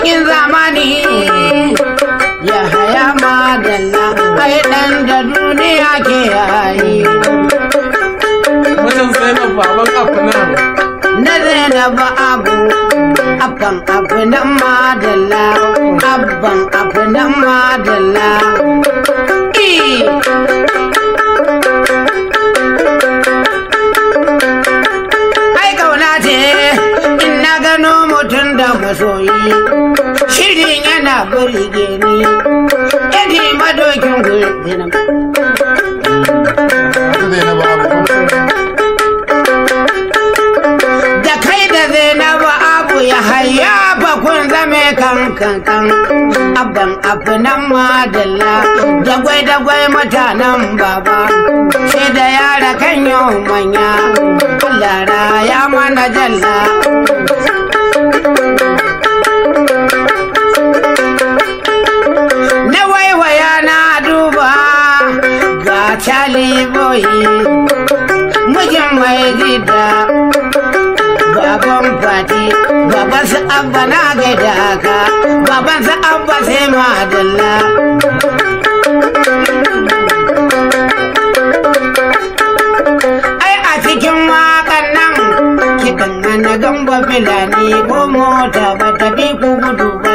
waƙoƙin zamani ya haya madalla yi ɗan da duniya ke yayi wajen zainab baban abu na zainab abu abban afinan madalla abban afinan madalla ai kauna ce in na gano mutum da masoyi burge ni idi madokin gudunam da kai da zainab abu ya haya bakun zame kan kan kan abban abu nan madalla dagwai dagwai mutanen baba sai da yara kan yau manya kullara ya mana jalla ƙauye mijin mai gida baban fati baban su abba na gaida ka baban su abba sai madalla ai a cikin waƙan nan kiɗan na gamba filani ko mota ba ta bi ku gudu ba